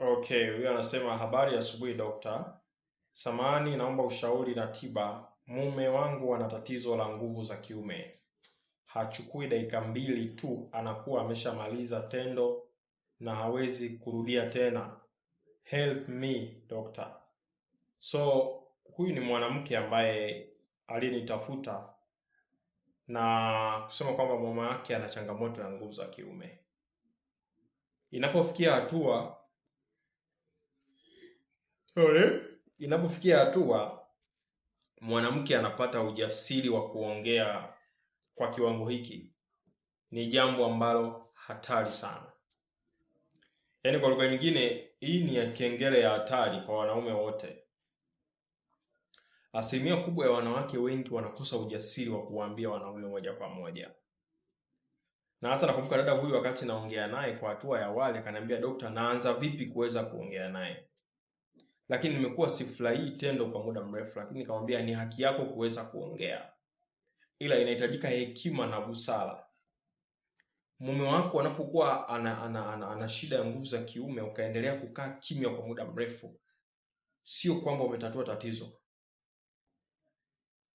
Okay, huyu anasema habari asubuhi dokta, samani naomba ushauri na tiba. Mume wangu ana tatizo la nguvu za kiume, hachukui dakika mbili tu anakuwa ameshamaliza tendo na hawezi kurudia tena. Help me doctor. So huyu ni mwanamke ambaye alinitafuta na kusema kwamba mama yake ana changamoto ya nguvu za kiume. Inapofikia hatua Eh? Inapofikia hatua mwanamke anapata ujasiri wa kuongea kwa kiwango hiki, ni jambo ambalo hatari sana. Yaani, kwa lugha nyingine, hii ni ya kengele ya hatari kwa wanaume wote. Asilimia kubwa ya wanawake wengi wanakosa ujasiri wa kuwaambia wanaume moja kwa moja, na hata nakumbuka dada huyu, wakati naongea naye kwa hatua ya awali, akaniambia daktari, naanza vipi kuweza kuongea naye? lakini nimekuwa sifurahii tendo kwa muda mrefu, lakini nikamwambia ni haki yako kuweza kuongea, ila inahitajika hekima na busara. Mume wako anapokuwa ana, ana, ana, ana shida ya nguvu za kiume, ukaendelea kukaa kimya kwa muda mrefu, sio kwamba umetatua tatizo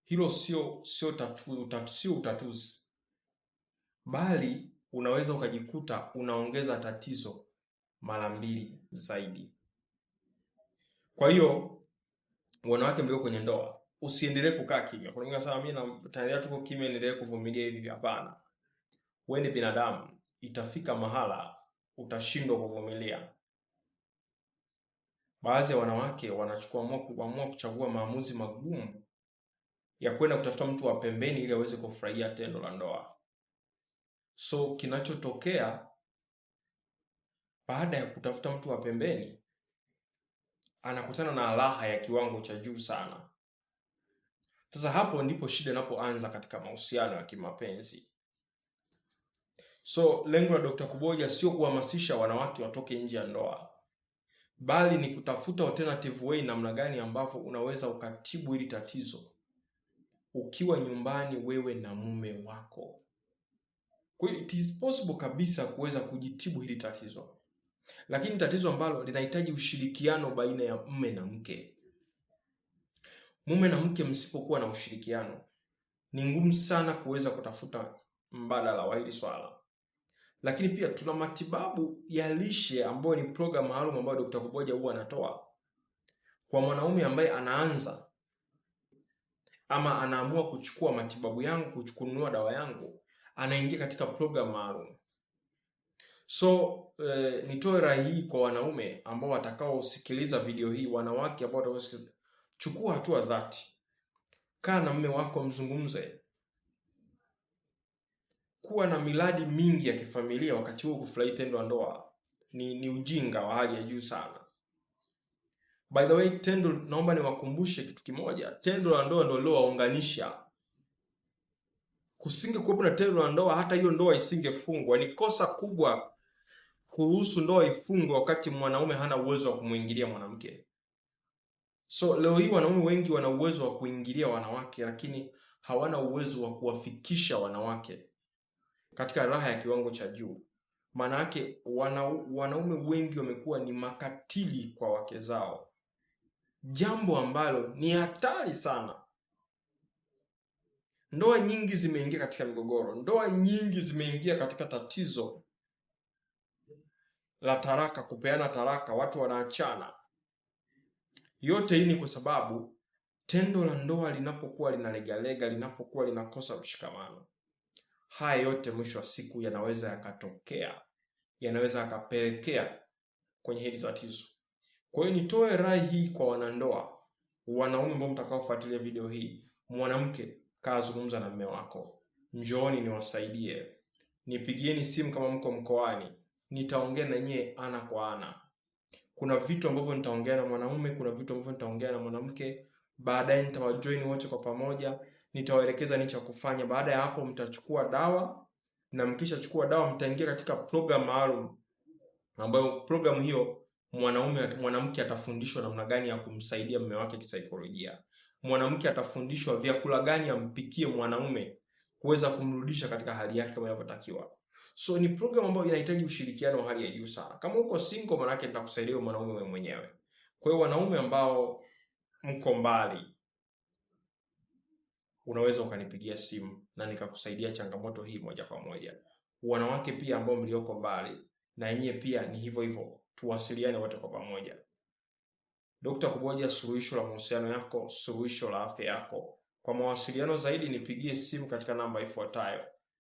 hilo, sio sio tatu, tatu, sio utatuzi, bali unaweza ukajikuta unaongeza tatizo mara mbili zaidi. Kwa hiyo wanawake mlio kwenye ndoa, usiendelee kukaa kimya. Kuna mwingine anasema mimi na tayari tuko kimya, endelee kuvumilia hivi. Hapana, wewe ni binadamu, itafika mahala utashindwa kuvumilia. Baadhi ya wanawake wanachukua kuamua kuchagua maamuzi magumu ya kwenda kutafuta mtu wa pembeni ili aweze kufurahia tendo la ndoa. So kinachotokea baada ya kutafuta mtu wa pembeni anakutana na raha ya kiwango cha juu sana. Sasa hapo ndipo shida inapoanza katika mahusiano ya kimapenzi. So lengo la Dr. Kuboja sio kuhamasisha wanawake watoke nje ya ndoa, bali ni kutafuta alternative way, namna gani ambavyo unaweza ukatibu hili tatizo ukiwa nyumbani wewe na mume wako. Kwa hiyo it is possible kabisa kuweza kujitibu hili tatizo lakini tatizo ambalo linahitaji ushirikiano baina ya mume na mke. Mume na mke msipokuwa na ushirikiano, ni ngumu sana kuweza kutafuta mbadala wa hili swala. Lakini pia tuna matibabu ya lishe ambayo ni programu maalum ambayo Dokta Kuboja huwa anatoa kwa mwanaume ambaye anaanza ama anaamua kuchukua matibabu yangu, kununua dawa yangu, anaingia katika programu maalum So eh, nitoe rai hii kwa wanaume ambao watakaosikiliza video hii, wanawake ambao chukua hatua dhati, kaa na mme wako, mzungumze, kuwa na miradi mingi ya kifamilia wakati huo. Kufurahi tendo la ndoa ni, ni ujinga wa hali ya juu sana. By the way, tendo naomba niwakumbushe kitu kimoja, tendo la ndoa ndio liowaunganisha Kusingekuwepo na tendo la ndoa, hata hiyo ndoa isingefungwa. Ni kosa kubwa kuruhusu ndoa ifungwe wakati mwanaume hana uwezo wa kumwingilia mwanamke. So leo hii wanaume wengi wana uwezo wa kuingilia wanawake, lakini hawana uwezo wa kuwafikisha wanawake katika raha ya kiwango cha juu. Maana yake wana, wanaume wengi wamekuwa ni makatili kwa wake zao, jambo ambalo ni hatari sana. Ndoa nyingi zimeingia katika migogoro, ndoa nyingi zimeingia katika tatizo la taraka, kupeana taraka, watu wanaachana. Yote hii ni kwa sababu tendo la ndoa linapokuwa linalegalega, linapokuwa linakosa mshikamano, haya yote mwisho wa siku yanaweza yakatokea, yanaweza yakapelekea kwenye hili tatizo. Kwa hiyo nitoe rai hii kwa wanandoa, wanaume ambao mtakaofuatilia video hii, mwanamke kaazungumza na mme wako, njooni niwasaidie, nipigieni simu kama mko mkoani nitaongea na yeye ana kwa ana. Kuna vitu ambavyo nitaongea na mwanaume kuna vitu ambavyo nitaongea na mwanamke. Baadaye nitawajoin wote kwa pamoja, nitawaelekeza ni cha kufanya. Baada ya hapo, mtachukua dawa na mkishachukua dawa, mtaingia katika program maalum, ambayo program hiyo mwanaume mwanamke atafundishwa namna gani ya kumsaidia mume wake kisaikolojia. Mwanamke atafundishwa vyakula gani ampikie mwanaume kuweza kumrudisha katika hali yake kama inavyotakiwa. So ni program ambayo inahitaji ushirikiano wa hali ya juu sana. Kama uko single, manake nitakusaidia mwanaume wewe mwenyewe. Kwa hiyo wanaume ambao mko mbali, unaweza ukanipigia simu na nikakusaidia changamoto hii moja kwa moja. Wanawake pia ambao mlioko mbali, na nyie pia ni hivyo hivyo, tuwasiliane wote kwa pamoja. Dr. Kuboja, suluhisho la mahusiano yako, suluhisho la afya yako. Kwa mawasiliano zaidi, nipigie simu katika namba ifuatayo